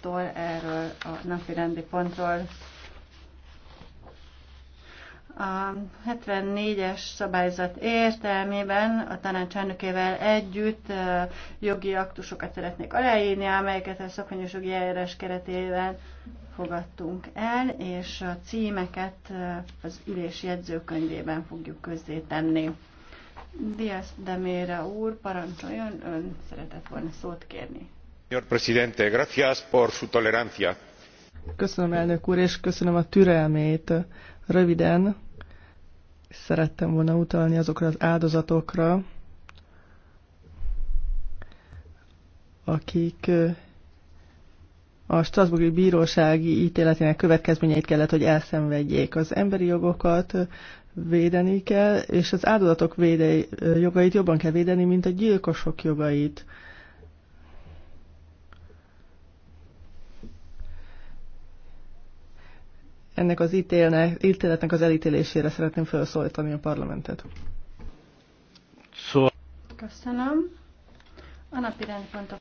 tól erről a napi rendi pontról. A 74-es szabályzat értelmében a tanácselnökével együtt jogi aktusokat szeretnék aláírni, amelyeket a szakonyos jogi eljárás keretében fogadtunk el, és a címeket az ülés jegyzőkönyvében fogjuk közzétenni. Diaz Demére úr, parancsoljon, ön szeretett volna szót kérni. Señor presidente, gracias por su tolerancia. Köszönöm, elnök úr, és köszönöm a türelmét. Röviden szerettem volna utalni azokra az áldozatokra, akik a Strasbourgi Bírósági ítéletének következményeit kellett, hogy elszenvedjék. Az emberi jogokat védeni kell, és az áldozatok védei, jogait jobban kell védeni, mint a gyilkosok jogait. ennek az ítélne, ítéletnek az elítélésére szeretném felszólítani a parlamentet. Szóval. Köszönöm. A napi rendpontok